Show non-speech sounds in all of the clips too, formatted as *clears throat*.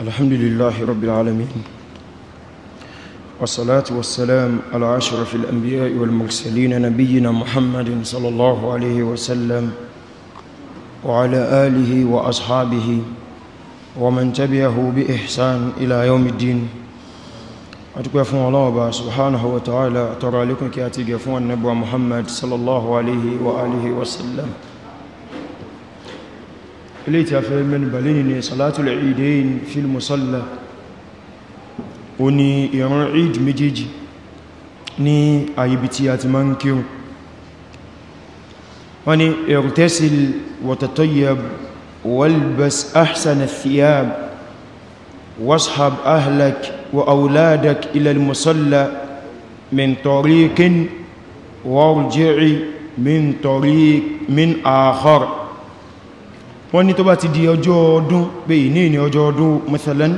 الحمد لله رب العالمين والصلاة والسلام على أشرف الأنبياء والمرسلين نبينا محمد صلى الله عليه وسلم وعلى آله وأصحابه ومن تبعه بإحسان إلى يوم الدين أتكو يفون الله سبحانه وتعالى ترى لكم كي أتكوى فون النبوة محمد صلى الله عليه وآله وسلم ليت في من بليني صلاة العيدين في المصلى وني يرون عيد مجيجي ني أيبتي أتمنكر وني اغتسل وتطيب والبس أحسن الثياب واصحب أهلك وأولادك إلى المصلى من طريق وارجعي من طريق من آخر wọ́n ní tó bá ti di ọjọ́ ọdún pé ìní ìní ọjọ́ ọdún mẹ́sàlán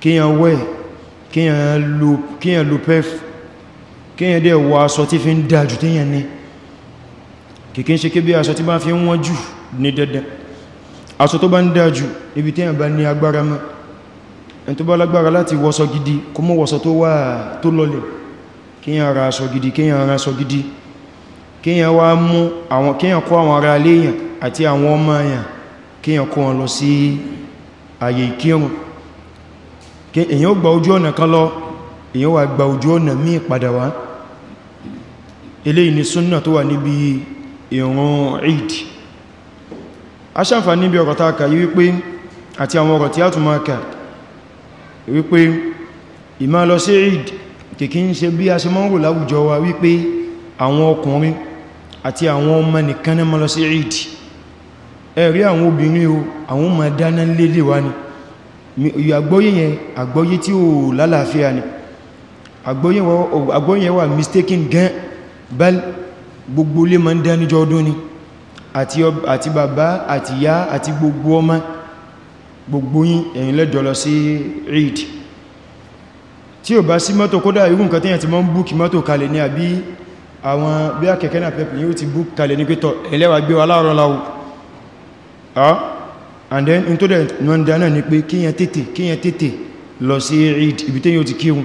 kíyàn wẹ̀ kíyàn lo pef kíyàn dẹ̀ wọ aṣọ tí fi ń dájú tíyàn ní kìkín ṣe kébí aṣọ tí bá fi ń wọ́n jù ní dandan aṣọ tó bá ń dájú ibi tíyàn bá ní agbára mọ́ ẹn tó bá lágbára láti wọṣọ gidi kó mọ́ wọṣọ tó wà tó lọlẹ̀ kíyàn ra gidi kíyàn ra gidi kíyàn wá mú àwọn kíyàn kó àwọn ará léèyàn àti àwọn ọmọ èèyàn kíyàn kó wọn lọ sí ààyè ìkírùn èyàn ó gba ojú ọ̀nà kan lọ èyàn wà gba ojú ọ̀nà míì padà wá eléyìí ni súnnà tó wà níbi ìrun Eid aṣáfà níbi ọ̀rọ̀ tààkà yí wípé àti àwọn ọ̀rọ̀ tí a tún máa kà wípé ìmá lọ sí Eid ẹ̀rí àwọn obìnrin o àwọn ma dáná lédè wá ni àgbọ́yé yẹn àgbọ́yé tí ó lálàáfíà ni àgbọ́yé wà mistaken gan bal gbogbo lè ma ń dánijọ́ ọdún ni àti bàbá àti ìyá àti gbogbo ọmọ gbogbo yín ẹ̀yin lẹ́jọ́ lọ sí Eid tí ò bá sí mọ́tò kódà irú nǹkan tíyàn ti mọ́ ń búkì mọ́tò kalẹ̀ ní àbí àwọn bí a náà pẹ̀pẹ̀ yóò ti búkì kalẹ̀ ní pẹ́tọ̀ ẹlẹ́wà gbé wa láàrọ̀ Ah, and then in tó dẹ̀ nọ́ndà náà ni pé kíyàn tètè kíyàn tètè lọ sí Eid ibi tí yóò ti kírun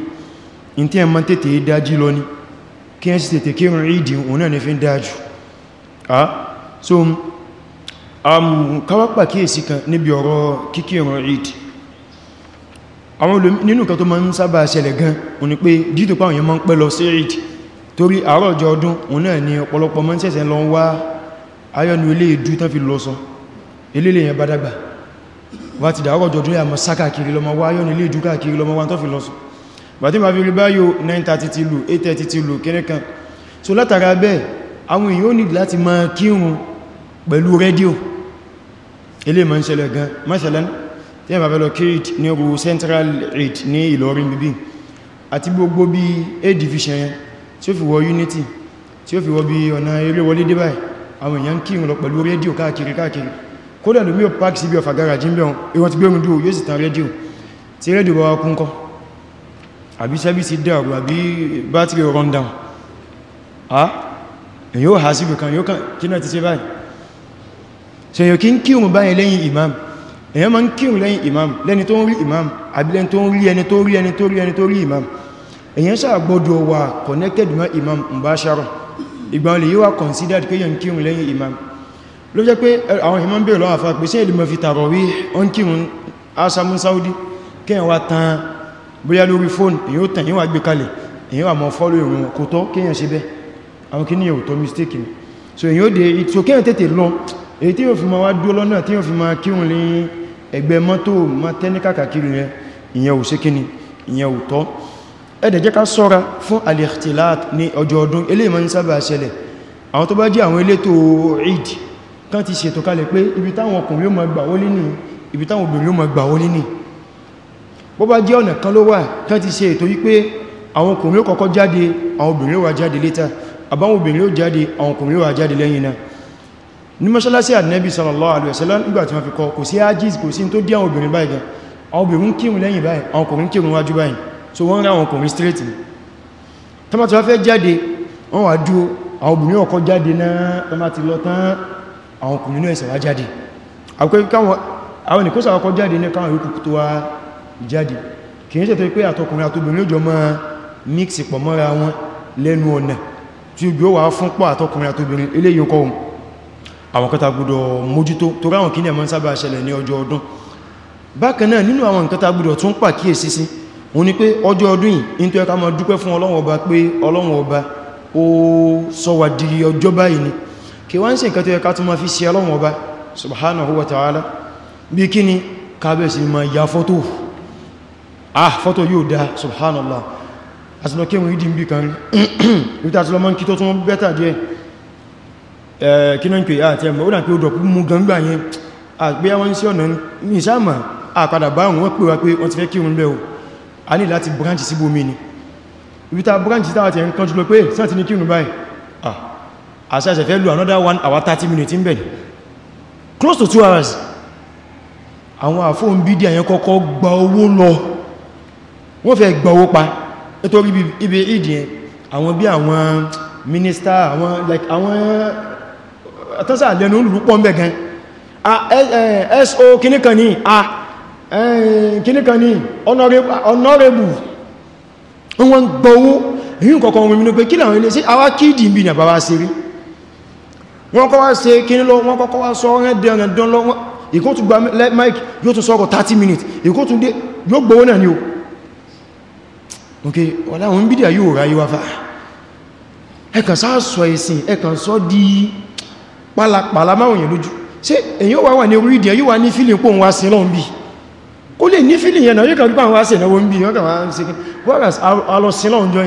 in tí ẹ ma tètè dájí lọ ní kíyàn sí tètè kírun Eid òun náà ni fi ń dájú ah, so um, káwàpà kíyèsí kan níbi ọ̀rọ̀ kíkírun Eid àwọn nínú kan tó ma ń sábà ṣẹlẹ̀ gan òní pé dítò pàwọn yẹn ma ń pẹ́ lọ sí Eid torí àárọ̀ ọjọ́ ọdún òun náà ni ọ̀pọ̀lọpọ̀ mọ́ ń ṣẹ̀ṣẹ̀ lọ wá ayọ́nu ilé ìdú tán fi lọ sọ ilé ilé yẹn bá dàgbà wá ti dáwọ́ jọdún yà mọ̀ sáká kiri lọmọ wáyọ́ ní ilé ìdúkà kiri lọmọ wọn tó fi lọ́sùn bà tí ma fi rí báyò 9:30 ti lù 8:30 ti lù kéré kan so látara bẹ́ẹ̀ àwọn èèyàn ní láti máa kírun pẹ̀lú rédíò ilé ma ń ṣẹlẹ̀ gan mẹ́sẹ̀lẹ́n tí a bá fẹ́ lọ kí ní ogun central aid ní Ìlọrin bíbí àti gbogbo bí a division yẹn tí ó fi wọ unity tí ó fi wọ bí ọ̀nà eré wọlé débáyì àwọn èèyàn kírun lọ pẹ̀lú rédíò káàkiri káàkiri kódà lómi ò pàkì síbí ọ̀fà garaji mẹ́rin ìwọ̀n ti gbẹ́rùn dúró yóò sì tan rédíò tí rédíò bá wákún kọ́ àbí sẹ́bísì dẹ̀rù àbí bátìrì run down a èyí ó ha síbì kan yóò kàn kí náà ti ṣe báyìí so èyàn kí ń kírun báyìí lẹ́yìn imam èyàn ma ń kírun imam lẹ́ni tó ń rí imam àbí lẹ́ni tó ń rí ẹni tó rí ẹni tó rí ẹni imam èyàn sáà gbọ́dọ̀ wà connected mọ́ imam mbashara ìgbà yíwa considered pé yàn kírun lẹ́yìn imam ló jẹ́ pé àwọn ìmọ̀ ń bèèrè lọ́wọ́ àfá pèsè ìlú mọ̀fí tàrọ̀wí ọ́n kírun asamun saudi kíyàn wá tán bóyá lórí fóònù èyí ó tàn yíwà gbé kalẹ̀ èyí wà mọ́ fọ́lú ìrùn kò tọ́ kíyàn ṣe bẹ́ àwọn kí ní yẹ̀ òtọ́ mistake ni so èyí ó dé ìtò kíyàn tètè lọ èyí tí yóò fi ma wá dúó lọ́nà tí yóò fi ma kírun lé ẹgbẹ́ mọ́tò ma tẹ́ní kàkàkiri rẹ ìyẹn ò ṣe kíni ìyẹn ò àwọn tó bá jẹ́ àwọn elétò ìdí tán ti ṣètò kalẹ̀ pé ibi táwọn ọkùnrin ó máa gbà wọlé ní ibi táwọn obìnrin ó máa gbà wọlé ní bó bá jẹ́ ọ̀nà kan ló wà tán ti ṣe ètò wípé àwọn ọkùnrin ó kọ́kọ́ jáde àwọn obìnrin ó wá jáde létà àbáwọn obìnrin ó jáde àwọn ọkùnrin ó wá jáde lẹ́yìn náà ní mọ́ṣálásí ànábì sallallahu alaihi wasallam nígbà tí wọ́n fi kọ kò sí ajiz kò sí tó dí àwọn obìnrin báyìí gan àwọn obìnrin kírun lẹ́yìn báyìí àwọn ọkùnrin kírun wájú báyìí so wọ́n rá àwọn ọkùnrin straight ni tọ́mà tí wọ́n fẹ́ jáde wọ́n wà dúró àwọn obìnrin ọkọ̀ jáde náà tọ́mà ti lọ àwọn ọkùnrin náà ẹ̀sẹ̀ wá jáde àwọn ìkóṣà ọkọ̀ jáde ní káwọn ìrúkù tó wá jáde kìí ṣe tó pé àtọkùnrin àtobìnrin lójọ mọ́ mixi pọ̀ mọ́ra wọn lẹ́nu ọ̀nà tí ó gbíó wà fún pọ̀ àtọkùnrin àtobìnrin eléyìí kọ́ ohun àwọn kẹta gbọdọ̀ mójútó tó ráwọn kí ní ẹ̀mọ́ sábà ṣẹlẹ̀ ní ọjọ́ ọdún bákan náà nínú àwọn nǹkan tá gbọdọ̀ tún pàkíyèsí sí òun ni pé kí wọ́n sí nǹkan tó yẹ ká tún ma fi sí ọlọ́run ọba subhanahu wa ta'ala bí kí ni kábẹ̀sì ma ya fọ́tò ah fọ́tò yóò dá subhanallah àti lọ kí wọ́n yìí dì ń bí kan rí tàbí *clears throat* lọ mọ́ kí tó tún bẹ́tà díẹ̀ eh, kí náà ń pè àti ah, ẹmọ̀ ó dà pé ó dọ̀kú mú gangbà yẹn ah, àgbé àwọn sí ọ̀nà a ní láti branch síbòmí ni ibi ta branch tàbí ẹ̀ ń kánjú lọ pé sáà ti ní kírun báyìí ah asẹ́sẹ̀ fẹ́ lù another one hour 30 minutes ń bẹ̀rẹ̀ close to two hours àwọn àfóhùn bídí àyẹn kọ́kọ́ gba owó lọ wọ́n fẹ́ gba owó pa nítorí ibi ìdí ẹ àwọn bí àwọn minister àwọn like àwọn àtọ́sà lẹ́nu olùrúpọ̀ ń bẹ̀ gan so kìníkan ní a kìníkan ní honorable wọ́n gba owó yíò kọ̀kọ̀ wọn mímú pé kí làwọn ilé sí awá kìí dì ń bí ní àbáwá sí rí wọ́n kọ́ wá ṣe kíní lọ wọ́n kọ́kọ́ wá sọ ọ̀rẹ́ dẹ̀rẹ̀ dán lọ ìkó tún gba mike yóò tún sọ̀rọ̀ 30 minutes ìkó tún dé yóò gbówó náà ni o ok ọ̀láwọn bídíà yóò ráyé wá fà ẹkàn sáàsọ̀ ẹ̀sìn ẹkàn sọ di pálapàla máwòyàn lójú ṣe èyàn wà wà ní orí ìdíẹ̀ yóò wà ní fílì pò ń wá sí lọ́n bí kó lè ní fílì yẹn náà yóò kàn gbà wá sí ẹ̀nà wọ́n bí wọ́n kàn wá sí lọ́n jọ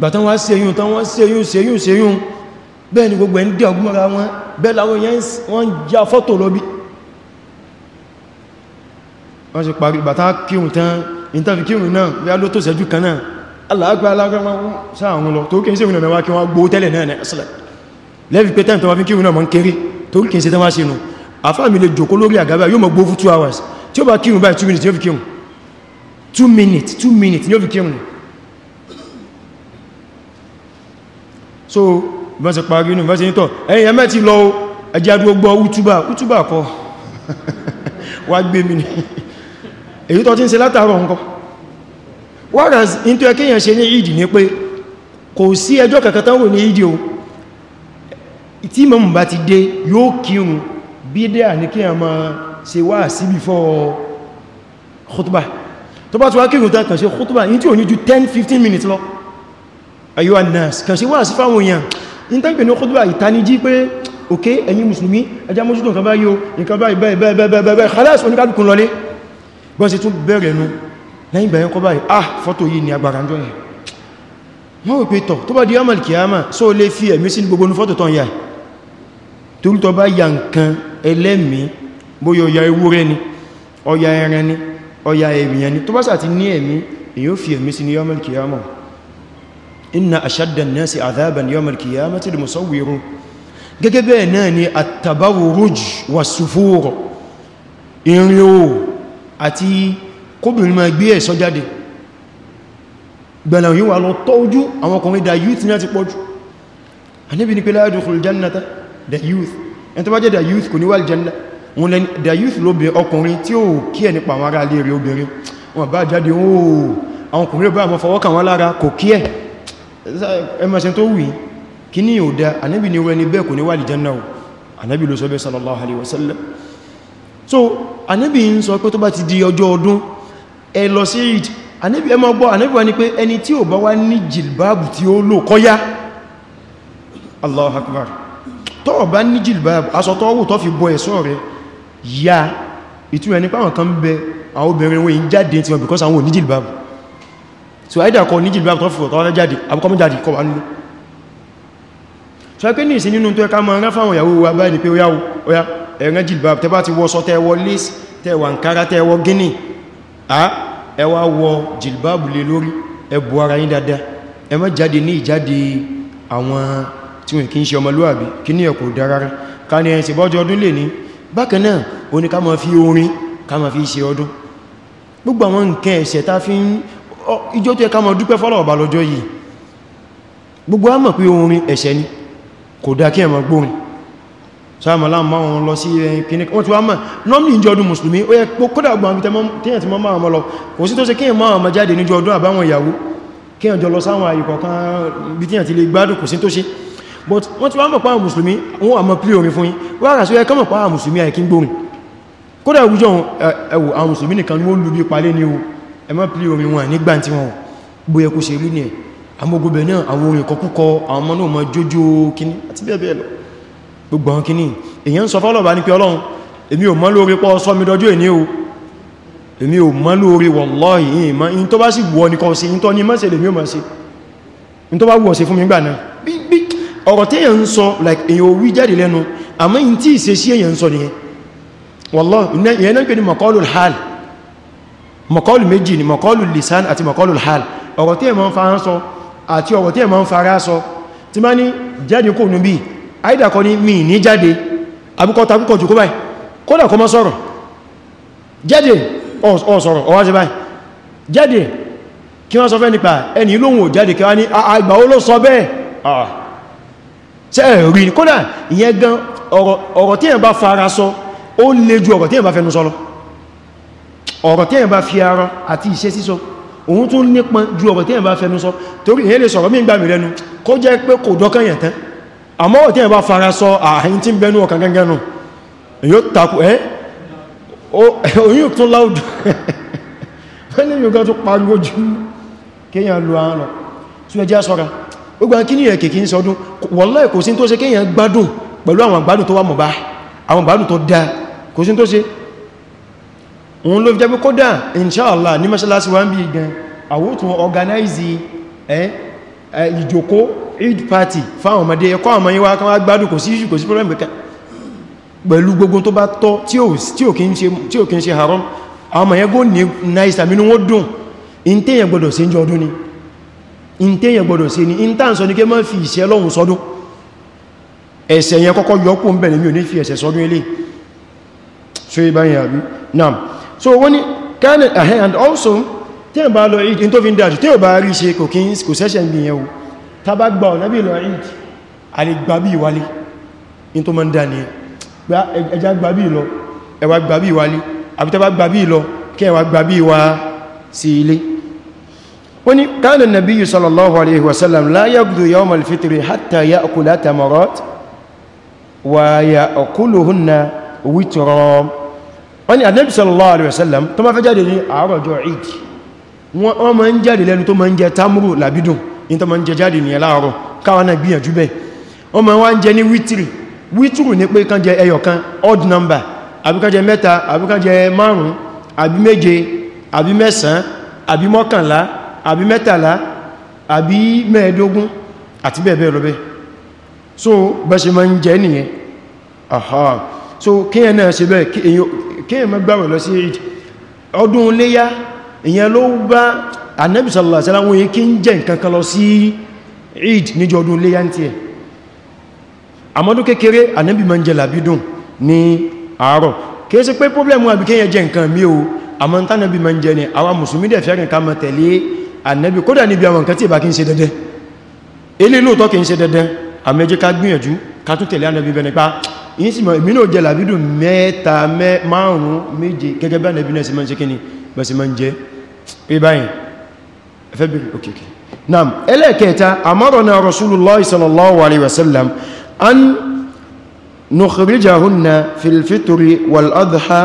gbàtán wá sí eyún tán wọ́n sí eyún sí eyún sí eyún bẹ́ẹ̀ ni gbogbo ẹ̀ ń dẹ̀ ọgbọ́nra wọn bẹ́ẹ̀ láwọn yẹn wọ́n já fọ́tò lọ́bí wọ́n sì parí bàtá kírùn tán ìntàfi kírùn náà bí a ló tó sẹ́jú kan náà aláàgbà aláàgbà wọn sáàrùn lọ tó kí n sí ìrìnà wá kí wọ́n gbó tẹ́lẹ̀ náà ẹ̀sìlẹ̀ lẹ́fi pé tẹ́ntọ́ wá fi kírùn náà mọ́ 2 minutes yóò fi kírùn 2 minutes 2 minutes yóò fi kírùn so bọ́n ṣe parí inú mẹ́sí nítọ̀ ẹ̀yìn ẹ̀mẹ́ ti lọ ẹjẹ́ adúgbò gbọ́ útúbà útúbà kọ́ wá gbé mi ní èyí tó ti ń ṣe látàrọ ǹkan whereas in tó ẹkẹ́yàn ṣe ní ìdì ní pé kò sí ẹjọ́ kankan wò ní ìdì o before khutbah tó bá ti wá kírun tán kàn ṣe khutbah in 10-15 minutes lo ayúwà nas kàn sí wà sí fáwọn èèyàn in tán pè ní ọkọ̀dúwà ìtaníjí pé ok ẹ̀yin musulmi ẹjá mọ́sútùn kan báyíò nǹkan báyìí bẹ́ẹ̀bẹ́ẹ̀bẹ́ẹ̀bẹ́ khalas oníkàdùkùn lọlé bọ́n sí tún bẹ̀rẹ̀ nú lẹ́yìn ìgbàyẹn kọ́ báyìí ah fọ́tò yìí ni agbára jọ yẹn wọ́n wípé tọ̀ tó bá di yamal kiyama só lè fi ẹ̀mí sí gbogbo ní fọ́tò ya nǹkan ẹlẹ́mí bóyá ọya ewúrẹ́ ni ọya ẹran ni ọya èmìyàn ni tó bá sà ti ní ẹ̀mí èyí ó fi ẹ̀mí sí ní yamal inna ashadda an-nasi adhaban yawm al-qiyamati al-musawwiru gẹ́gẹ́ bẹ́ẹ̀ náà ni at-tabarruj was-sufur ìrìn o àti kóbìnrin ma gbé ẹ̀ṣọ́ jáde gbẹ̀lẹ̀ yíò wà lọ tọ́jú àwọn ọkùnrin da youth ní àti pọ̀jù Ànábì ní pé la yadkhulul jannata àwọn ọkùnrin bá àwọn fọwọ́kàn lára kò kí ẹ̀ ẹmọ̀sẹ̀ tó wì kí ní ò dá anábì ni wẹni bẹ́ẹ̀ kò ní wà lìjánná o anábì ló sọ bẹ́ sallallahu alaihi wasallam so anábì ń sọ pé tó bá ti di ọjọ́ ọdún ẹ lọ sí ìd anábì ẹmọ gbọ́ anábì wá ní pé ẹni tí ò bá wá ní jìlbáàbù tí ó lò kọ́yá Allahu akbar tó bá ní jìlbáàbù aṣọ tó wù tó fi bọ ẹ̀ṣọ́ rẹ̀ ya ìtumọ̀ ní pàwọn kan bẹ àwọn obìnrin wọn ń jáde tí wọn because àwọn ò ní jìlbáàbù so either kọ ní jìlbá tọ́fù kọ́ jáde àbúkọ́ mọ́ jáde kọ́ wà nílò so ẹ pé ní ìsin nínú tó ẹka mọ́ rán fáwọn ìyàwó wa báyìí pé óyá óyá ẹ̀rán jìlbá tẹ́ bá ti wọ́ sọ tẹ́wọ́ lace tẹ́wà nkara tẹ́wọ́ gíní à ẹwà wọ jìlbá bùlé lórí ẹbù ara yín dáadáa ẹ má jáde ní ìjáde àwọn tí wọn kì í ṣe ọmọlúwàbí kí ní ẹ̀kọ́ dára rá ká ní ẹ̀sìn bọ́jọ́ ọdún lè ní bákan náà ó ní ká máa fi orin ká máa fi ṣe ọdún gbogbo àwọn nǹkan ẹ̀ṣẹ̀ tá fi ìjọ tó yẹ ká mọ̀ dúpẹ́ fọ́lọ̀ ọba lọ́jọ́ yìí gbogbo a mọ̀ pé orin ẹ̀ṣẹ̀ ni kò dá kí ẹ máa gbórin sáàmà láàmà wọn lọ sí ẹ̀kìní eh, wọ́n ti wá mọ̀ nọ́mì ìjọ ọdún mùsùlùmí ó yẹ kódà gbọ́n tíyàn ti mọ́ máa mọ́ lọ kò sí tó ṣe kíyàn máa máa jáde níjọ ọdún àbáwọn ìyàwó kíyàn jọ lọ sáwọn àyíkọ̀ kan bí tíyàn ti lè gbádùn kò sí tó ṣe but wọ́n ti wá mọ̀ pàwọn mùsùlùmí wọ́n àmọ́ pí orin fún yín wọ́n rà sí ẹ kọ́mọ̀ pàwọn mùsùlùmí àìkí gbórin kódà ìwújọ́ eh, àwọn mùsùlùmí nìkan ni wọ́n lù bí palé ni o ẹ má omi orin wọn nígbà tí wọn bóyẹ kó ṣe rí ní ẹ̀ amógóbẹ̀ náà àwọn orin kọkúkọ àwọn ọmọ náà ma jójó kíní àti bẹ́ẹ̀ bẹ́ẹ̀ lọ gbogbo àwọn kíní èyàn sọ fọ́lọ̀bà ní pé ọlọ́run èmi ò mọ́ lóore pọ́ sọ mi dọjú èní o èmi ò mọ́ lóore wallahi ìmọ́ in tó bá sì wọ́ ní kan like èyàn ò wí jáde lẹ́nu àmọ́ in tí ìṣesí èyàn ń sọ hal mọ̀kọ́lù méjì ni mọ̀kọ́lù lisan àti mọ̀kọ́lù hal ọ̀rọ̀ tí ẹ̀mọ́ ń fara sọ àti ọ̀rọ̀ tí ẹ̀mọ́ ń fara sọ tí má ní jáde kò nùbí àìdàkọ́ ní mi ní jáde àbúkọ́ takúkọ̀ jù kó báyìí kódà kó má sọ̀rọ̀ jáde ọ̀sọ̀rọ̀ ọwá sí báyìí jáde kí wọ́n sọ fẹ́ nípa ẹni lóhun ò jáde kí ọ̀rọ̀ tí ẹ̀yìn bá fi ara àti iṣẹ́ sísọ òun tún nípọn ju ọ̀rọ̀ tí ẹ̀yìn bá fẹnu sọ torí èyí lè sọ̀rọ̀ mí gbà mí lẹ́nu kó jẹ́ pé kò dọ́kàn yẹn tán àmọ́ ọ̀rọ̀ tí ẹ̀yìn bá fara sọ àhín tí ń bẹnu ọkàn gangan nù yóò takù ẹ́ *laughs* oyún tún láùdù wọ́n *laughs* ní yóò gá tó pariwo jù kéyàn lo àárọ̀ tí ó jẹ́ sọ́ra ó gbá kí ní ẹ̀ kìkí ń sọdún wallahi kò sí tó ṣe kéyàn gbádùn pẹ̀lú àwọn gbádùn tó wà mọ̀ bá àwọn gbádùn tó dáa kò sí tó ṣe òun ló fi jẹ́ pé kódà inṣáàlá ní mọ́ṣálásí wá ń bí gan àwótún organize eh, eh, ìjòkó eid party fáwọn ọmọdé ẹkọ́ àwọn yíwá kan wá gbádùn kò sí kò sí problem kankan pẹ̀lú gbogbo tó bá tọ́ tí ò kí ń ṣe haram àwọn yẹn gó ní nice àmínú wọ́n dùn in tẹ́yẹn gbọdọ̀ ṣe ní ọdún ni in tẹ́yẹn gbọdọ̀ ṣe ni in tàn sọ ní kí mọ́ fi ìṣẹ́ lọ́hun sọdún ẹ̀ṣẹ̀ yẹn kọ́kọ́ yọkùn bẹ̀rẹ̀ mi ò ní fi ẹ̀ṣẹ̀ sọdún ilé ṣe ibáyìn àbí so wọ́n ni kind of ahead and also tí ẹ̀bá lọ ìdí tó fi ń dájú tí ò bá rí ṣe kò kí ń kò sẹ́ṣẹ̀ ń bí yẹn o tàbá gba ọ̀nà bí lọ ìdí a lè gbà bí ìwálé in tó mọ́ ń dá ní ẹjá gbà bí lọ ẹwà gbà bí ìwálé àbí tàbá gbà bí lọ kí gbà bí wọ́n ni Ànábì sallallahu alaihi wasallam tó máa fẹ́ jáde ní àárọ̀ ọjọ́ Eid wọ́n máa ń jáde lẹ́nu tó máa ń jẹ tamuru labidun in tó máa ń jẹ jáde ní ẹláàrọ̀ káwọn náà gbìyànjú bẹ́ wọ́n máa wá ń jẹ ní wítìrì wítìrì ní pé kan jẹ ẹyọ kan odd number àbí kan jẹ mẹ́ta àbí kan jẹ márùn-ún àbí méje àbí mẹ́sàn àbí mọ́kànlá àbí mẹ́tàlá àbí mẹ́ẹ̀dógún àti bẹ́ẹ̀ bẹ́ẹ̀ lọ bẹ́ẹ̀ so bẹ́ẹ̀ ṣe máa ń jẹ nìyẹn so kíyàn náà ṣe bẹ́ẹ̀ kíyàn má gbààwẹ̀ lọ sí ìdí ọdún léyá ìyẹn ló bá Ànábì sallallahu alaihi wasallam kí ń jẹ nǹkan kan lọ sí ìdí níjọ ọdún léyá tí ẹ̀ àmọ́dún kékeré Ànábì máa ń jẹ làbídùn ní àárọ̀ kìí sí pé pọ́blẹ̀mù àbí kíyàn jẹ nǹkan mí o àmọ́ ń tánàbí máa ń jẹ ni àwọn mùsùlùmí dẹ̀ fẹ́ràn ká máa tẹ̀lé yìí sì mọ̀ èmi náà jẹ làbídù mẹ́ta márùn-ún méje gẹ́gẹ́ bí ànàbí náà sì máa ń ṣe kí ni bá sì máa ń jẹ́ pé báyìí ẹfẹ́ bèèrè òkèkè náà ẹlẹ́ẹ̀kẹta amarana rasulullahi sallallahu alaihi wasallam an nukhrijahunna fil fitri wal adha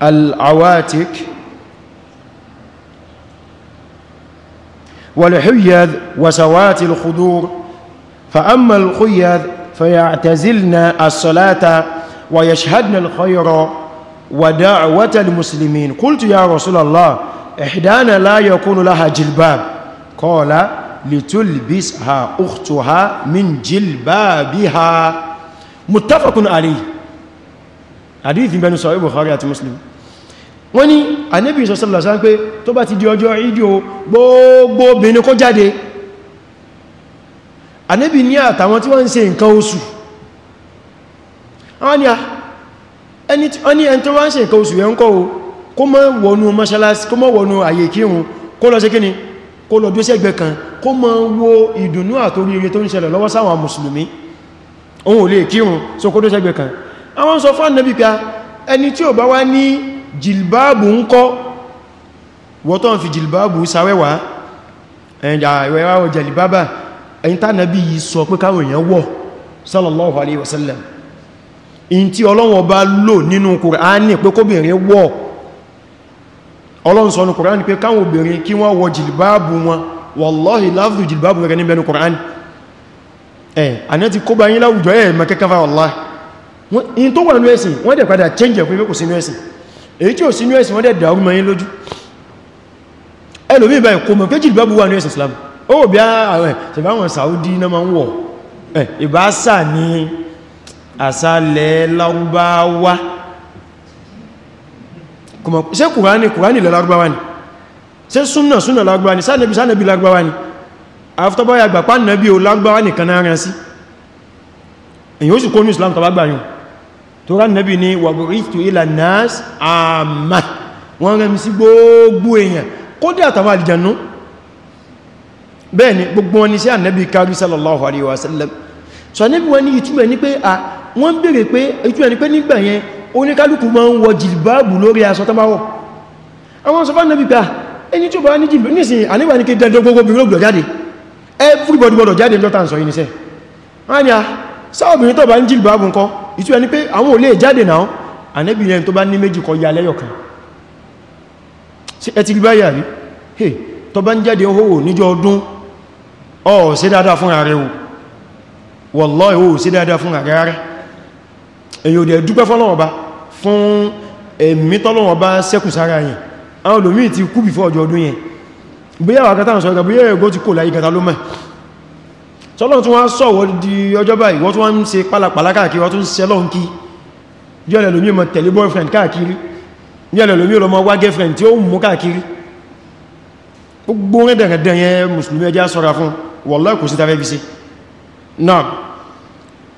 al-awatik wal huyad wasawati al-khudur fa amma al-huyad فيعتزلنا الصلاة ويشهدنا الخير ودعوة المسلمين قلت يا رسول الله إحدانا لا يكون لها جلباب قال لتلبسها أختها من جلبابها متفق عليه حديث بن صحيح البخاري مسلم. wọ́n ni ànábì sallallahu alaihi wasallam pé tó bá ti di ọjọ́ ìdí gbogbo obìnrin kó jáde anẹ́bì ní àtàwọn tí wọ́n ń ṣe nǹkan oṣù ẹni ẹni tó wá ń ṣe nǹkan oṣù yẹn kọ́ o kó mọ́ wọnú mọ́ṣálásí kó mọ́ wọnú àyè kírun kó lọ ṣe kí ni kó lọ dó sẹ́gbẹ̀ kan kó mọ́ wo ìdùnnú àtorí ire tó ń ṣẹlẹ̀ lọ́wọ́ sáwọn mùsùlùmí ohun ò lè fi jìlbáàbù sáwẹ́wàá ẹ̀yà ìwẹ̀wà ọjà jìlbáàbà ẹ̀yìn tánàbí yìí sọ pé káwọn èèyàn wọ̀ sallallahu alaihi wasallam in tí Ọlọ́hun bá lò nínú kùránì pé kóbìnrin wọ̀ Ọlọ́hun sọ ní kùránì pé káwọn obìnrin kí wọ́n wọ jìlbáàbù wọn wallahi láàfù jìlbáàbù rẹ̀ níbẹ̀nu kùránì ẹ̀ àná ti kó bá yín láwùjọ ẹ̀ change ẹ̀kùn ìfẹ́kù sínú ẹ̀sìn èyí tí ò sínú ẹ̀sìn wọ́n dẹ̀ dàrú mọ́ yín lójú Islam ó bí ààrẹ ṣẹ̀bá wọn Saudi náà máa ń wọ̀ ẹ̀ ìbáṣà ní àṣálẹ̀ lárúbáwá ṣe kùránì kùránì lárúbáwá ni ṣe súnà súnà lárúbáwá ni sánàbí sánàbí lárúbáwá ni afọ́tọ́báyà gbàpá nàbí o lárúbáwá nìkan náà rán sí èyí ó sì kó ní Islam tàbágbà yìí tó rán nàbí ni wàbúrítù ilà nas àmà wọ́n rẹ̀ mi sí gbogbo èèyàn kódé àtàwọn àlìjànú bẹ́ẹ̀ni gbogbo wọn ni sí ànẹ́bí kárí sallallahu alaihi wasallam so ànẹ́bí wọn ni ìtumẹ̀ ní pé à wọ́n bèèrè pé ìtumẹ̀ ní pé nígbà yẹn oníkálùkù ma ń wọ jìlbáàbù lórí aṣọ tọ́báwọ̀ àwọn sọfá ànẹ́bí pé ẹni tó bá ní jìlbáàbù nísìn àníwà ní kí dandan gbogbo obìnrin gbọ́dọ̀ jáde everybody gbọ́dọ̀ jáde ní lọ́ta ń sọ yìí níṣẹ́ wọ́n ni a sáà obìnrin tó bá ní jìlbáàbù nǹkan ìtumẹ̀ ní pé àwọn ń jáde ohòwò níjọ ọdún ọ sí dáadáa fún ààrẹ o wallahi o sí dáadáa fún ààrẹ rárá èyí ò dẹ̀ dúpẹ́ fọ́lọ́wọ́ bá fún ẹ̀mí tọ́lọ́wọ́ bá sẹ́kù sára yẹn àwọn olómi ti kú bí fọ́ọ̀jọ́ ọdún yẹn bóyá wà kátà sọ́gbà bóyá ẹ̀gọ́ ti kò láyé kátà ló mẹ́ tọ́lọ́n tún wá sọ̀wọ́ di ọjọ́ báyìí wọ́n tún wá ń ṣe pálapàlá káàkiri wọ́n tún ṣe lọ́n kí yọ́lẹ̀ lómi mọ̀ tẹ̀lé boyfriend káàkiri yọ́lẹ̀ lómi lọ mọ̀ wá girlfriend tí ó mú káàkiri gbogbo rẹ̀ dẹ̀rẹ̀dẹ̀ yẹn mùsùlùmí ẹjá sọ́ra fún wallahi kò sí tafẹ́ fi sí náà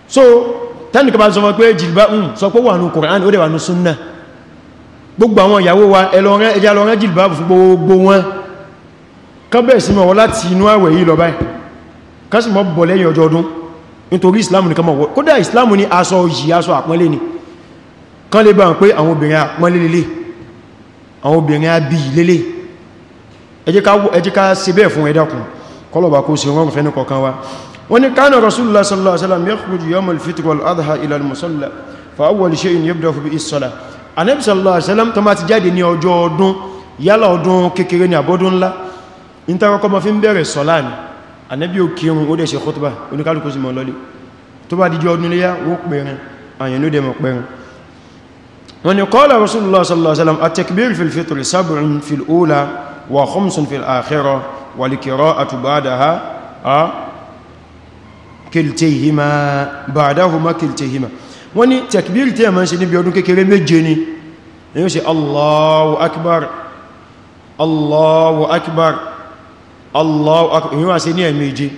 so tẹ́nìkà bá sọ pé jìlbá ń hmm, sọ pé wà ní Kùránì ó dẹ̀ wà ní súnnà gbogbo àwọn ìyàwó wa ẹja lọ́rán jìlbá fún gbogbo wọn kọ́bẹ̀ sí mọ̀ láti inú àwẹ̀ yìí lọ báyìí kásì mọ́ bọ̀ lẹ́yìn ọjọ́ ọdún nítorí Islam ní kọmọ̀ kódà Islam ní aṣọ yìí aṣọ àpọ́nlé ni kán lè bá ń pé àwọn obìnrin àpọ́nlé lélẹ̀ àwọn obìnrin abì lélẹ̀ ẹ jẹ́ ká ṣe bẹ́ẹ̀ fún ẹ dákun kọlọ̀bà kó sí rọrùn fẹ́ni kọ̀kan wa wọ́n ni kánà rasulullah sallallahu alaihi wasallam yakhruju yawm al-fitr wal adha ila al-musalla fa awwal shay'in yabda'u bihi as-salah anabi sallallahu alaihi wasallam tó máa ti jáde ní ọjọ́ ọdún yálà ọdún kékeré ní abọ́dún ńlá in ta kọ́kọ́ ma fi ń bẹ̀rẹ̀ sọ́lá ni anabi ò kírun ó dẹ̀ ṣe khutba oníkálùkù sí mọ̀ lọ́lẹ̀ tó bá dìjọ ọdún léyá wó pẹ̀rin àyàn ló dẹ̀ mọ̀ pẹ̀rin sallallahu والقراءة بعدها كلتيهما بعدهما كلتيهما wọ́n ní tẹ̀kbírí tí a máa ń ṣe níbi ọdún kékeré méje ni yíò ṣe Allahu akbar Allahu akbar Allahu akbar yíò wá sí ní ẹ̀mẹ́je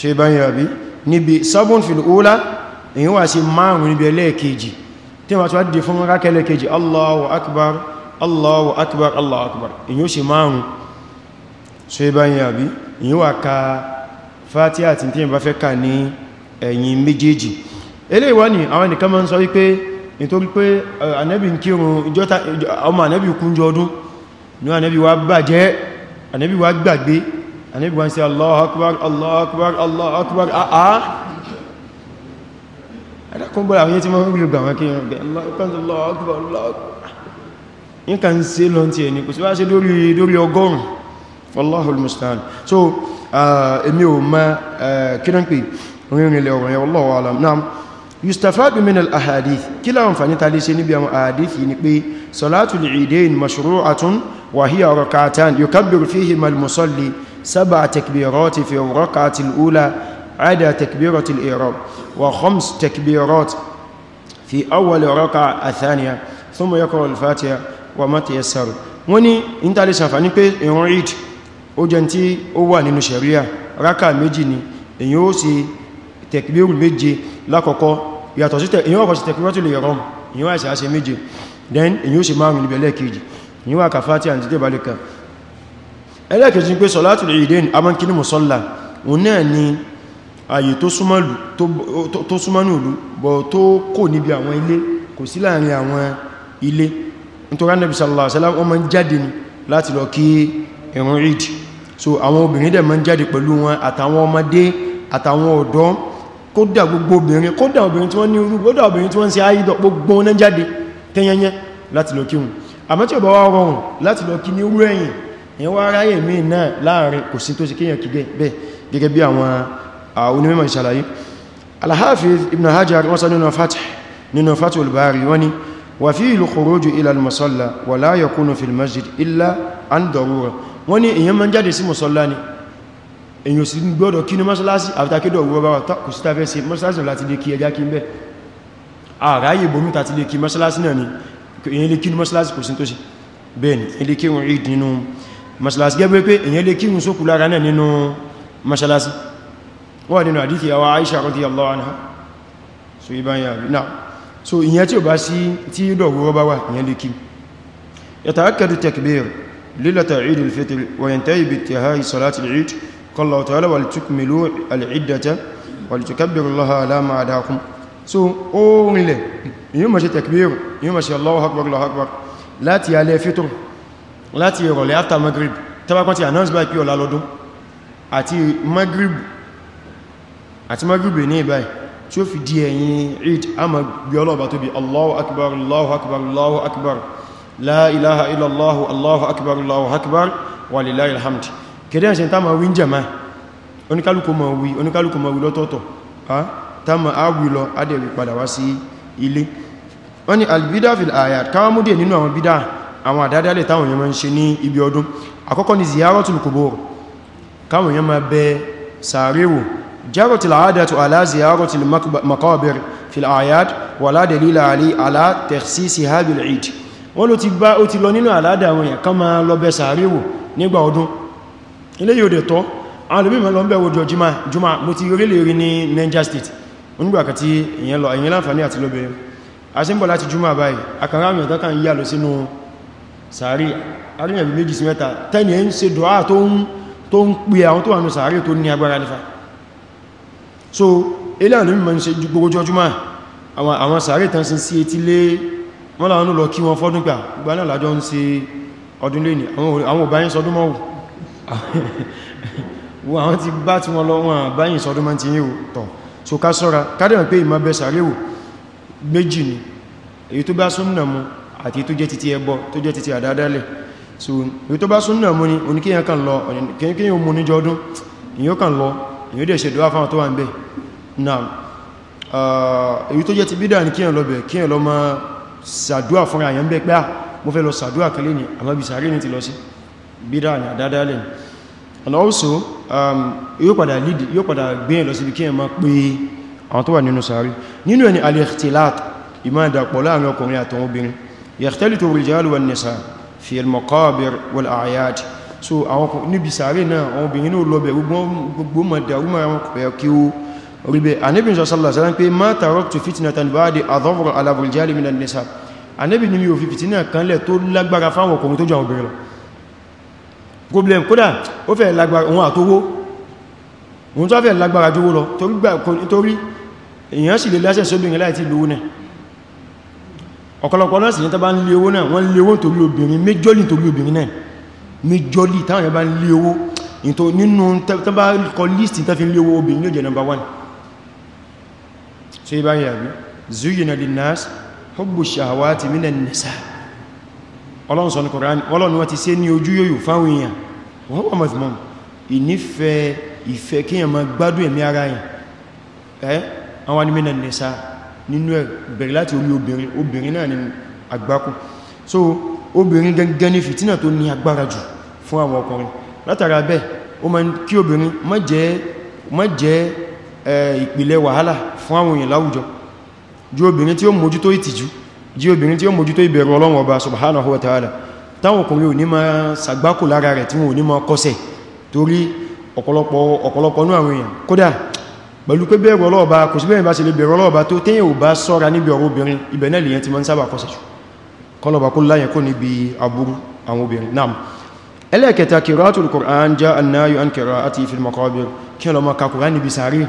ṣe bá ń yàbí níbi sabun fil ula yíò wá sí márùn níbi ẹlẹ́ẹ̀kejì tí wọ́n tó wá dìde fún rákẹ́lẹ́kejì Allahu akbar Allahu akbar so ibayin àbí yíò wà ká fàtí àti tí ìbá fẹ́ ká ní ẹ̀yìn méjèèjì eléyìí wá ní àwọn nìkan máa ń sọ wípé nítorí pé ànábì ń kírun ìjọta ọmọ ànábì kúnjọ ọdún ní ànábì wá bàjẹ́ ànábì wá gbàgbé ànábì wá ń ṣe Allahu Akbar Allahu Akbar Allahu Akbar àá adákùnbọ̀ àwọn yẹ́ tí wọ́n rí gbàwọn kí wọ́n gbẹ̀ Allahu Akbar wallahu almustaan so èmi ò mọ̀ kiran pé orin ilẹ̀ ọ̀rọ̀ yẹn wallahu alam naam yustafadu min al ahadith kila àǹfààní ta lè ṣe níbi àwọn ahadith ni pé salatul eidain mashru'atun wa hiya rak'atan yukabbiru fihi al musalli sab'a takbirat fi rak'ati al ula عدا تكبيرة الإعراب وخمس تكبيرات في أول ركعة الثانية ثم يقرأ الفاتحة وما تيسر wọ́n ní ìntàlẹ́sàfà ní pé ìrun ìdí ó jẹ́ tí ó wà nínú sharia rákà méjì ni èyí ó sì tẹ̀kbírù méje lákọ̀ọ́kọ́ yàtọ̀ sí èyí ó kọ́sí tẹ̀kbírù tó lè then èyí ó sì ni pé sọ̀látù ìdẹ́n amọ́kíní musọ́lá òun náà ni ààyè tó súnmọ́ ní òlú bọ̀ tó kò níbi àwọn ilé kò sí láàrin àwọn ilé nítorí Ànábì sallallahu alaihi wasallam ó máa ń jáde láti lọ kí ìrun Eid so àwọn obìnrin dẹ̀ máa ń jáde pẹ̀lú wọn àtàwọn ọmọdé àtàwọn ọ̀dọ́ kódà gbogbo obìnrin kódà obìnrin tí wọ́n ní irú kódà obìnrin tí wọ́n sí àìdọ̀ gbogbo wọn jáde tẹ́yẹnyẹ láti lọ kíhun àmọ́ tí wá rọrùn láti lọ kí ní irú ẹ̀yìn èyàn wá ráyè mí náà láàrin kò sí tó sì kíyàn kígẹ́ bẹ́ẹ̀ gẹ́gẹ́ bí àwọn onímọ̀ ìṣàlàyé al Ibn Hajar wọ́n sọ nínú Fath nínú Fathul Bari wọ́n ni wa fihi al-khuruju ila al-musalla wa la fil masjid illa an darura wọ́n ní èyàn máa ń jáde sí mọ̀sọ́lá ni èyàn sì gbọ́dọ̀ kí ní mọ́sálásí àfitakídọ̀ òwúrọ̀ bá wà kò sí tafẹ́ sí mọ́sálásí láti lè kí ẹjá kí ń bẹ́ àráyè bomi tàti lè kí mọ́sálásí náà ni èyàn lè kí ní mọ́sálásí kò sí tó sí bẹ́ẹ̀ni èyàn lè kírun rí nínú mọ́sálásí gẹ́gẹ́ pé èyàn lè kírun sókù lára náà nínú mọ́sálásí wọ́n nínú àdíkì àwọn Aisha radiyallahu anha so ibá yà rí náà so ìyẹn tí ò bá sí tí ìdọ̀ òwúrọ̀ bá wà ìyẹn ليلة عيد الفطر وينتهي بانتهاء صلاة العيد قال الله تعالى ولتكملوا العدة ولتكبروا الله على ما هداكم so o rinle yíò mọ̀ ṣe takbiru yíò mọ̀ ṣe Allahu akbar Allahu akbar láti alẹ́ fitr láti ìrọ̀lẹ́ after maghrib tàbákan ti announce by pure lálọ́dún àti maghrib àti maghrib ní ìbáyìí tí ó fi di ẹ̀yìn eid a ma gbí ọlọ́ọ̀bá Allahu akbar Allahu akbar Allahu akbar la ilaha illallah allahu akbar allahu akbar wa lillahi alhamd kede se ta ma wí jama oníkálùkù ma wí oníkálùkù ma wí lọ́tọ̀ọ̀tọ̀ ah ta ma a wí lọ a de wí padà wá sí ilé wọ́n ní albida fil ayat ká mú dé nínú àwọn bida àwọn àdádálẹ̀ táwọn èèyàn ma ń ṣe ní ibi ọdún àkọ́kọ́ ni ziyaratul kubur káwọn èèyàn ma bẹ sàréwò جرت العادة على زيارة المقابر في الأعياد ولا دليل علي على تخصيصها بالعيد wọ́n ló ti bá ó ti lọ nínú àládà àwọn èèyàn kan máa lọ bẹ sàárè wò nígbà ọdún ilé yóò dẹ̀ tọ́ àwọn olùmímọ̀ lọ ń bẹ̀wò jọ jùmá jùmá mo ti orílẹ̀ rí ní Niger State onígbàkà tí èèyàn lọ èèyàn láǹfààní àti lọ́bẹ̀ẹ́ asínbọ̀ láti jùmá báyìí àkàrà àmì àwọn sàárè so ilé àwọn olùmímọ̀ ń ṣe gbogbo jọ jùmá tán sí sí etílé wọ́n láwọn lọ kí wọn fọ́dún gbà gbà náà lájọ́ ń ṣe ọdún lè ní àwọn òbáyìn sọdún mọ́ *laughs* wò àwọn ti bá tí wọ́n lọ wọ́n àbáyìn sọdún mọ́ ti yíò tọ̀ so ká sọ́ra kádẹ̀mọ̀ pé ìmọ̀ bẹ́ sàréwò méjì ni èyí tó bá súnnà mu àti tó jẹ́ titi ẹbọ tó jẹ́ titi àdádálẹ̀ so èyí tó bá súnnà mu ni oníkíyàn kan lọ kíyàn mú níjọ ọdún ìyó kan lọ ìyó dẹ̀ ṣèdọ́ àfáwọn tó wà ń bẹ̀ náà sàdúà fúnra yẹn bẹ́ pé ah, mo fẹ́ lọ sàdúà kan lé ní àmọ́bí sàárè ní ti lọ sí bídá ní àdádálẹ̀ and also um, yóò padà lead yóò padà gbéyàn lọ síbi kí ẹ ma pé àwọn tó wà nínú sàárè nínú ẹni al-ikhtilat ìmá ìdàpọ̀ láàrin ọkùnrin àtàwọn so àwọn níbi sàárè náà àwọn obìnrin náà lọ bẹ̀ ribe anibin sallallahu alaihi wasallam pé ma taraktu fitnatan ba'di adhawra ala rijali minan nisa anabi ni mi ò fi fitina kan lẹ̀ tó lágbára fáwọn ọkùnrin tó ju àwọn obìnrin lọ problem kódà ó fẹ́ lágbára wọn àtowó wọn tó fẹ́ lágbára jówó lọ torí gbà nítorí èèyàn sì lè láṣẹ sóbìnrin láì tí lówó náà ọ̀pọ̀lọpọ̀ náà sì ní tàbá ń lé owó náà wọ́n lé owó torí obìnrin méjọ́lì torí obìnrin náà méjọ́lì táwọn yẹn bá ń lé owó nínú tàbá kọ lístì tàbí lé owó obìnrin yóò jẹ́ number one ṣe bá yàrí zuyina linnas hubbu shahawati minan nisa ọlọ́run sọ ní Qur'an ọlọ́run wọ́n ti ṣe ní ojú yóò fáwọn èèyàn wọ́n wọ́n mazmum ìnífẹ́ ìfẹ́ kí èèyàn máa gbádùn ẹ̀mí ara yẹn ẹ́ àwọn ni so obìnrin gangan ni fìtínà tó ní agbára jù fún àwọn ọkùnrin látara bẹ́ẹ̀ ó máa kí obìnrin má jẹ́ ìpìlẹ̀ wàhálà fún àwọn èèyàn láwùjọ jí obìnrin tí ó mójútó ìtìjú jí obìnrin tí ó mójútó ìbẹ̀rù Ọlọ́run ọba subhanahu wa ta'ala táwọn ọkùnrin ò ní ma sàgbákò lára rẹ̀ tí wọn ò ní ma kọsẹ̀ torí ọ̀pọ̀lọpọ̀ ẹlẹ́ẹ̀kẹta kìrọ́tùl Qur'an já annáyù an kìrọ́ àti ìfilmọ̀kọ́bìnrin kí ọlọ́mọ kakùrá níbi sàárì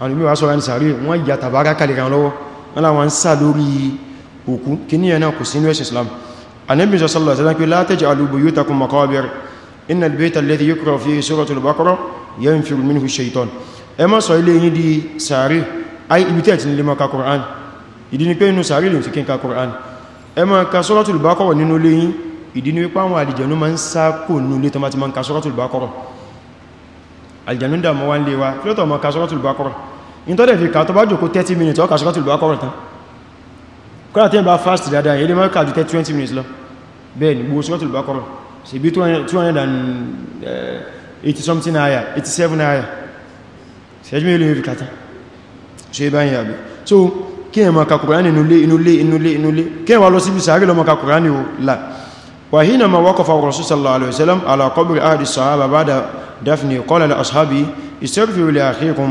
àwọn ìlú àṣọ́rọ̀ ní sàárè wọ́n yà tàbára kalẹ̀ ràn lọ́wọ́ wọ́n láwọn ń sà lórí òkú kí ní ẹ̀nà kò sínú ẹ̀sìn Islam Ànábì sallallahu alaihi wasallam pé la taj'alu buyutakum maqabir inna inú sàárè lè fi kí n ka Qur'an ẹ máa ka suratul baqara nínú ilé yín ìdí ni wípé àwọn ìtọ́dẹ̀ fi kà tó bá jòkó 30 minutes ọkà ṣọ́kọ́ tí ìlú akọ́rọ̀ tán kọ́nà tí ẹ bá fast dáadáa ilé mọ́ká jù 20 minutes lọ bẹ́ẹ̀ ni gbogbo ṣọ́kọ́ tí ìlú akọ́rọ̀ sí bí 280 eh, something aya 87 aya ṣẹ́jú mẹ́lẹ̀ fi kàtà ṣe bá ń yàbí so kí ẹ máa ka Kùránì inúlé inúlé inúlé inúlé kí ẹ wá lọ síbi sàárì lọ máa ka Kùránì o là وحين ما وقف الرسول صلى الله عليه وسلم على قبر أحد الصحابة بعد دفنه قال لأصحابه استغفروا لأخيكم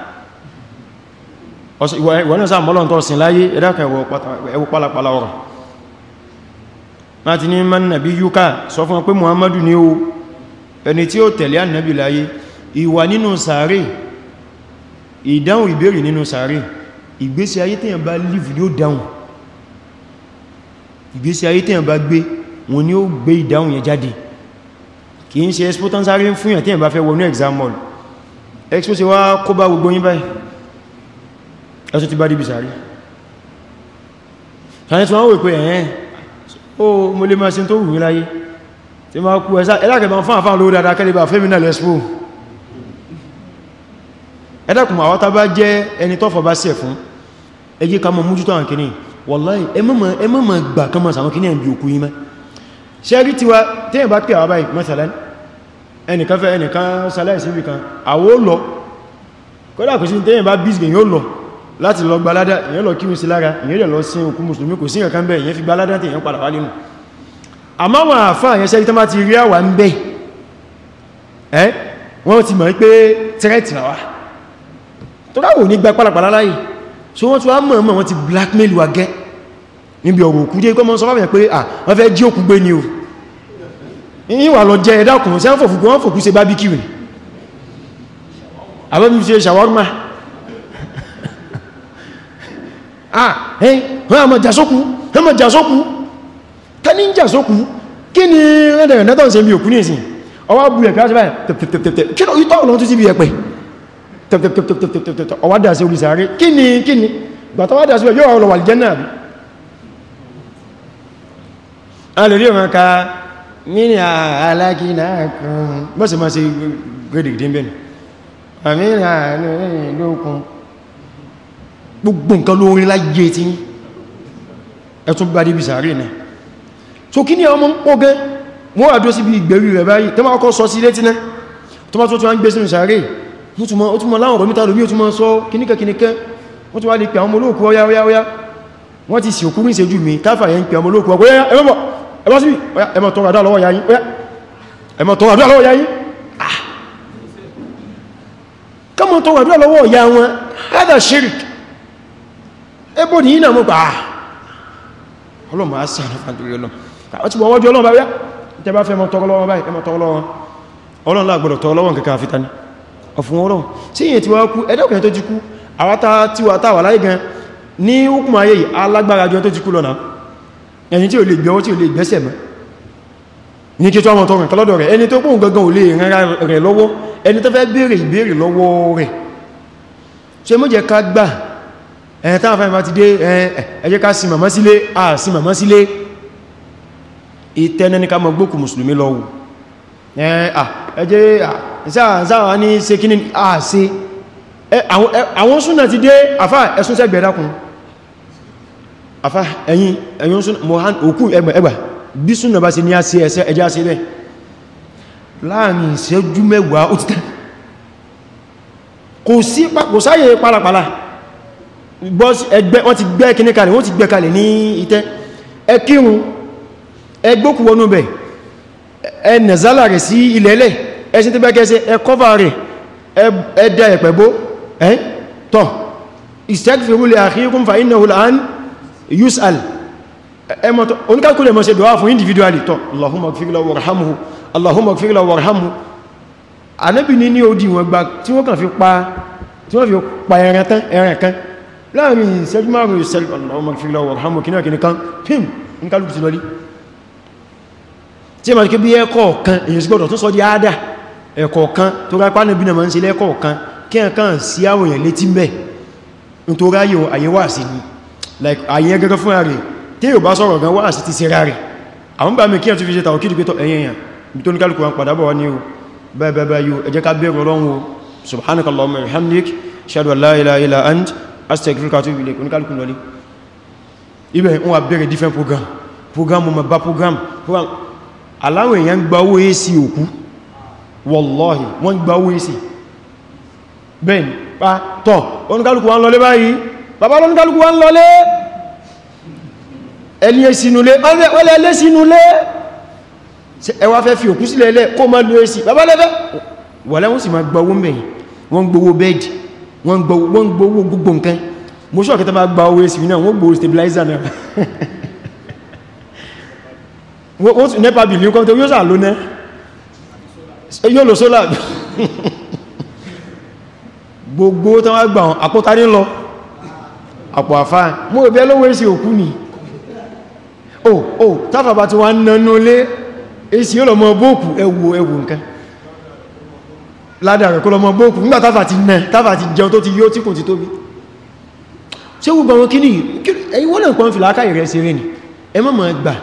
ìwọ̀n náà sáà mọ́lọ́n tọ́sìn láyé ẹ̀dàkà ẹwọ pálapàla ọ̀rọ̀ láti ní man nàbí yúká sọ fún pé muhammadu ni o ẹni tí ó tẹ̀lé annabi láyé ìwà nínú sàárè ìdáhùn ìbéèrè nínú sàárè ìgbésí ayé tẹ́yàn bá live ni ó dáhùn ìgbésí ayé tẹ́yàn bá gbé wọn ni ó gbé ìdáhùn yẹn jáde kì í ṣe expo tán sáré fún yàn tẹ́yàn bá fẹ́ wọnú exam hall expo ṣe wá kó bá gbogbo yín báyìí ẹsọ ti bá dìbì sàárì ṣàyẹ́ tí wọ́n wè pé ẹ̀yẹn ó mo lè máa sin tó wùrí láyé tí ma kú ẹ̀sá ẹlákẹ̀bà fún àfáà lórí dáadáa kẹ́lẹ̀ bá feminal expo ẹ̀dàkùn àwọn tá bá jẹ́ ẹni tọ́fọ̀ bá sẹ̀ fún ẹjí ká mọ̀ mújútó àwọn kìíní wọ́láì ẹmọ́mọ̀ gbà kan mọ̀ sàwọn kìíní ẹ̀bí òkú yí mẹ́ ṣe rí tiwa tẹ́yìn bá pẹ̀ àwọn báyìí mẹ́sàlẹ́ ẹnìkan fẹ́ ẹnìkan láti lọ gbalada èyàn lọ kírun sí lára èyàn lọ sin òkú mùsùlùmí kò sí nǹkan bẹ́ẹ̀ èyàn fi gbalada tí èyàn padà wá nínú àmọ́ wọn àfá àyẹn sẹ́rí tó má ti rí àwà ń bẹ́ ẹ́ wọ́n ti mọ̀ pé tẹ́rẹ̀tì rà wa gẹ́ níbi ọ̀rọ̀ òkú dé kọ́mọ́ sọ fáwọn pé à wọ́n fẹ́ jí òkú gbé ni o ìyíwà lọ jẹ ẹ̀dá ọkùnrin sí àwọn fòfúgbọ́n fòkú ṣe bábíkì rẹ̀ àbẹ́bí ṣe ah ẹ́ wọ́n àmọ̀ jàsókú ẹmọ̀ jàsókú ká ní jàsókú kí ni rẹ̀dẹ̀rẹ̀ nẹ́tọ̀ ṣe bí òkú ní ìsìn ọwá bú ẹ̀kẹ́ láti báyìí tẹ̀tẹ̀tẹ̀tẹ̀ kí ni ìtọ́ ọ̀nà tó sí bí ẹ̀pẹ̀ tẹ̀tẹ̀tẹ̀tẹ̀tẹ̀tẹ̀ ọwá dà sí olùsàárẹ̀ kí ni kí ni gbàtọ́wá dà sí ẹ̀ yóò wà lìjẹ́ náà a lè rí ọmọ ká mini alákínà kan bọ́sẹ̀ máa ṣe gẹ́dẹ̀gẹ́dẹ́ bẹ́ẹ̀ gbogbo nǹkan lórin láyé tí ẹ̀tún bá débi sàárè náà so kí ní ọmọ ń pọ́ gẹ́ wọ́n àdó sí bí ìgbèrí rẹ̀ báyìí tó máa kọ́ sọ sí létí náà tó máa tó tó wá ń gbé sínú sàárè ó túnmọ̀ láwọn ọ̀rọ̀ mítà lómí ó túnmọ̀ sọ kíníkẹ́kíníkẹ́ wọ́n tó wá lè pẹ àwọn olóòkú ọya ọya ọya wọ́n ti sì òkú ní ìṣẹ́jú mi káfà yẹn pẹ àwọn olóòkú ọya ẹmọ́ ẹmọ́ sí ẹmọ́ tọrọ àdúrà lọ́wọ́ yáyín ẹmọ́ tọrọ àdúrà lọ́wọ́ yáyín ah. kọmọ tọrọ àdúrà lọ́wọ́ ya wọn hádà shirk ẹbọ́ ní ìnà mọ́ pàá ọlọ́mọ asìyàn fàndúrí ọlọ́mọ ọtí wọ́n wọ́jú ọlọ́mọ báyá tẹbá fẹ́ mọ́ tọrọ lọ́wọ́ báyìí ẹmọ́ tọrọ lọ́wọ́ ọlọ́run lágbọ́dọ̀ tọrọ lọ́wọ́ kẹka àfitá ní ọ̀fún ọlọ́run sí ìyẹn tí wọ́n kú ẹ̀dọ́kùnrin tó ti kú àwátá tí wà táwà láì gan ní hukum ayé alágbára jọ tó ti kú lọ́nà ẹni tí ò lè gbẹ́wọ́ tí ò lè gbẹ́sẹ̀ mọ́ ní kí tó àwọn tọrọ tọlọ́dọ̀ rẹ̀ ẹni tó kún gangan ò lè rán rẹ̀ lọ́wọ́ ẹni tó fẹ́ béèrè ìbéèrè lọ́wọ́ rẹ̀ ṣe mú jẹ ká gbà ẹ̀yẹn eh, táwọn fẹ́ ma ti dé eh, eh, ẹ jẹ́ ká sí màmá sílé à sí màmá sílé ìtẹ́nẹ́ ní ká mọ̀ gbókù mùsùlùmí lọ́wọ́ ẹ jẹ́ sáà ní ṣe kí ní à sí àwọn súnà ti dé àfá ẹ̀sùn sẹ́gbẹ̀ dákun àfá ẹ̀yìn ẹ̀yìn súnà mohan òkú ẹgbà bí súnà bá sí ní àṣẹ ẹ̀sẹ́ ẹjá sí bẹ́ láàrin ìṣẹ́jú mẹ́wàá ó ti tẹ́ kò sí pàkò sáyẹ̀ pálapàla ẹgbẹ́ wọ́n ti gbẹ́ kíní kalẹ̀ wọ́n ti gbẹ́ kalẹ̀ ní ìtẹ́ ẹ kírun ẹ gbókù wọnú bẹ̀ ẹ nẹ̀zálà rẹ̀ sí ilẹ̀lẹ̀ ẹṣin tí bẹ́ kẹsẹ ẹ kọ́fà rẹ̀ ẹ dẹ tọ́ istaghfiru li yus'al oníkàkù lè mọ́ ṣe individually tọ́ allahumma ighfir lahu allahumma ighfir lahu warhamhu anábì ní ní odi wọn gba tí wọ́n kàn fi pa láàrin ìṣẹ́jú márùn-ún ìṣẹ́jú ọmọ fi lọ wọ̀hámù kí náà kì ní kan pín ní kálùkù ti lọ rí tí ma kí bí ẹkọ̀ kan èyí sígbọ́dọ̀ tó sọ di àádá ẹ̀kọ̀ kan tó rápá náà bí na ma ń ṣe lẹ́kọ̀ kan kí ẹ kàn sí àwọn èèyàn létí mẹ́ nítorí ayò ayé wà sí ni ayé gẹ́gẹ́ fún ààrẹ tí yóò bá sọ̀rọ̀ gan wà sí astagfirka tó ilẹ̀ oníkálùkù lọlé ibẹ̀ wọ́n a bẹ̀rẹ̀ different program program mọ̀ bá program program aláwọ̀ èèyàn gba owó èsì òkú wallahi wọ́n gba owó èsì bẹ́ẹ̀ pa tọ́ oníkálùkù wọ́n lọlé báyìí bàbá oníkálùkù wọ́n lọlé ẹlẹ́ sínúlé ọlẹ́ ẹlẹ́ sínúlé ẹwà fẹ́ fi òkú sílẹ̀ ẹlẹ́ kó má lo èsì bàbá lẹ́fẹ́ wọ́n lẹ́wọ́n sì má gba owó mẹ́yìn wọ́n gbowó bẹ́ẹ̀dì wọ́n gbowó gbogbo nǹkan mo ṣọ́ kẹta bá gba owó èsì náà wọ́n gbowó stabilizer náà *laughs* wọ́n tún nepa bìlì ó kọ́mọ̀tẹ́ yóò sà lóná yóò lò sólà *laughs* gbogbo tán wá gbà àpótá ní lọ àpò àfá mú ẹbí ẹlọ́wọ́ èsì òkú ni oh oh táfàbà tí wọ́n ń nanú lé èsì yóò lọ mọ́ bóòkù ẹwù ẹwù nǹkan ládàrẹ̀ kó lọmọ bóòkù nígbà tàfà ti nẹ tàfà ti jẹun tó ti yóò tí kò ti tóbi ṣe gbogbo àwọn kíní ẹ̀yíwọ́n náà pọ́n fi láákà rẹ̀ ni ẹ mọ́ mọ́ gbà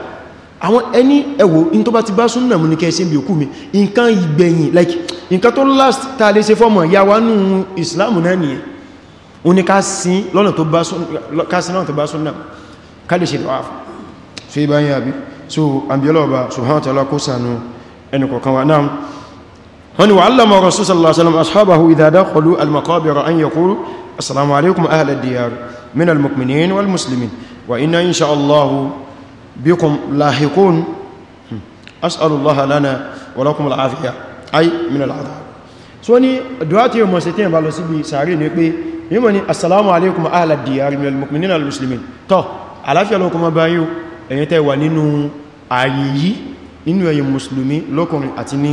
àwọn ẹni ẹ̀wò in tó bá ti bá súnnà mú ní kẹsí bí òkú like nǹkan tó last ta lè ṣe fọ́mọ̀ ya wá nù ìsìláàmù náà nìyẹn o ní ká sin lọ́nà tó bá súnnà ká lè ṣe so ibáyìn àbí so àbíọ́lọ́ọ̀bá subhanahu wa ta'ala kó sànú ẹnìkọ̀ọ̀kan wa náà هن وعلم الرسول صلى الله عليه وسلم أصحابه إذا دخلوا المقابر أن يقولوا السلام عليكم أهل الديار من المؤمنين والمسلمين وإن إن شاء الله بكم لاحقون أسأل الله لنا ولكم العافية أي من العذاب سواني دعاتي يوم ستين بالوسي بساري نيكبي يمني السلام عليكم أهل الديار من المؤمنين والمسلمين تو àláfíà lọ́kọ́ ma báyíò ẹ̀yin tẹ́ wà nínú ààyè yìí nínú ẹ̀yin mùsùlùmí lọ́kùnrin àti ní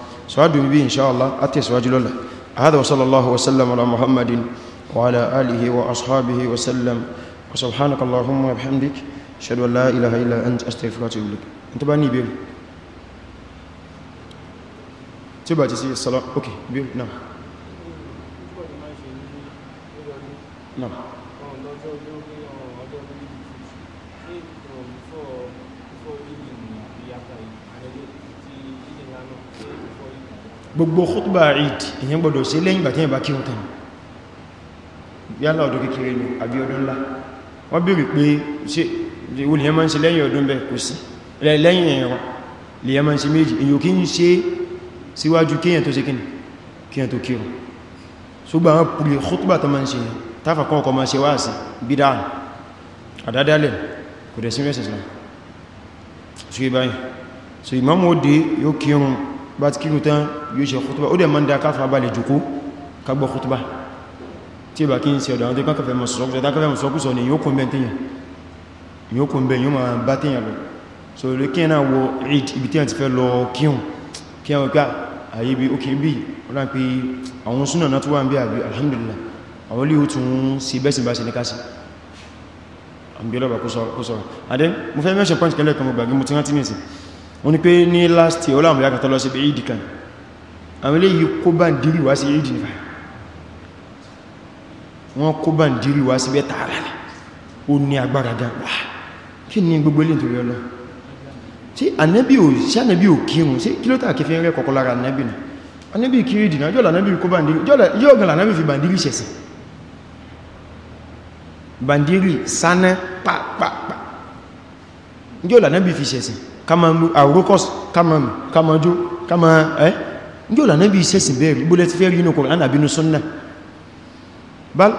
سعد بي إن شاء الله أتي سواج لله هذا وصلى الله وسلم على محمد وعلى آله وأصحابه وسلم وسبحانك اللهم وبحمدك أشهد أن لا إله إلا أنت أستغفرك وأتوب إليك أنت بقى نبيل تبقى تسي الصلاة أوكي بيل نعم نعم gbogbo khutba eid èyàn gbọdọ̀ ṣe lẹ́yìn bàtí ẹ̀bá kí ọ̀tàn yálà ọdún kékeré ní àbí ọdún ńlá wọ́n bèèrè pé olèyàn máa ń ṣe lẹ́yìn ọdún bẹ́ẹ̀ kò sí lẹ́yìn ẹ̀rọ lèyàn máa ń ṣe méjì èyàn kí ń ṣe síwájú kíyàn tó bá ti kírù tán yóò ṣe kútùbà ó dẹ̀ mọ́ ń da káfà balẹ̀ jùkú kagbọ́ kútùbà tí ìbà kí n ṣe ọ̀dọ̀ àwọn tó káfẹ́ mọ̀ sọ́kúsọ tákàfẹ́ mọ̀ sọ́kúsọ ni yóò kún bẹ́ tíyàn yóò kún bẹ́ yóò máa bá tíyàn lọ so lè kí ẹ̀nà wọ eid ibi tí a ti fẹ́ lọ kíhùn kí àwọn pẹ́ àyè bí alhamdulillah àwọn olè tún sí bẹ́sìn bá ṣe ní kásì àmì ọlọ́bà kó sọ̀rọ̀ adé mo fẹ́ mẹ́ṣẹ̀ pọ́ǹtì kẹlẹ́ wọ́n ni pé ní last year ọlọ́mù yàkàtọ́ lọ sí ibi ìdì kan àwọn ilé yìí kó bá ń dìrí wá sí ìdì nífà wọ́n kó bá ń dìrí wá sí bẹ́ tààrà ní ó ní agbára gan wà kí ní gbogbo ilé nítorí ọlọ́ sí ànábì ò sí ànábì ò kírun sí kí kí fi rẹ kọ̀kọ́ lára ànábì nà ànábì kiri ìdì náà jọ́lá ànábì kó bá ń dìrí yóò gan ànábì fi bàndìrí ṣẹ̀sìn bàndìrí sáná pàpàpà jọ́lá ànábì fi ṣẹ̀sìn àrókọ́s kamajú kama ẹ́ níjò lànà bí sẹ́sìn bẹ̀rẹ̀ ibúlẹ̀ ti fẹ́ rí inú Kùránì àbínú súnnà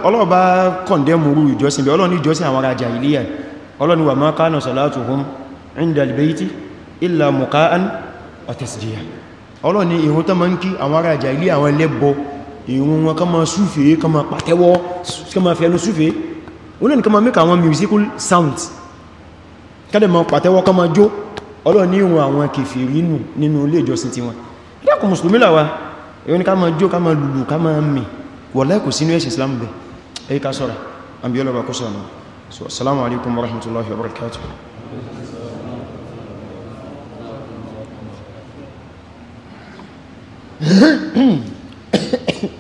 ọlọ́ọ̀bá kọ̀ndẹ̀mùrú ìjọsìn bẹ̀ ọlọ́ni ìjọsìn àwọn ará jàhílíyà ọlọ́ni wà máa kánà salatuhum inda albayti illa muka'an wa tasdiya ọlọ́ni ìrun tó ma ń kí àwọn ará jàhílíyà àwọn ẹlẹ́bọ ìrun wọn kama súfèé kama patewo kama fẹ́nu súfèé unen kama mẹ́ka àwọn musical sounds kada ma pàtẹ́wọ́ kama jó ọlọ́ ní ìwọ̀n àwọn kèfèrí nù nínú ilé ìjọsìn ti wọn ìdákùn mùsùlùmí làwá èyí ni ká máa jó ká máa lùlù ká máa mì wallahi kò sínú ẹ̀sìn Islam bẹ̀ èyí ká sọ́ra àbí ọlọ́bà kó sọ́nà so warahmatullahi wabarakatuh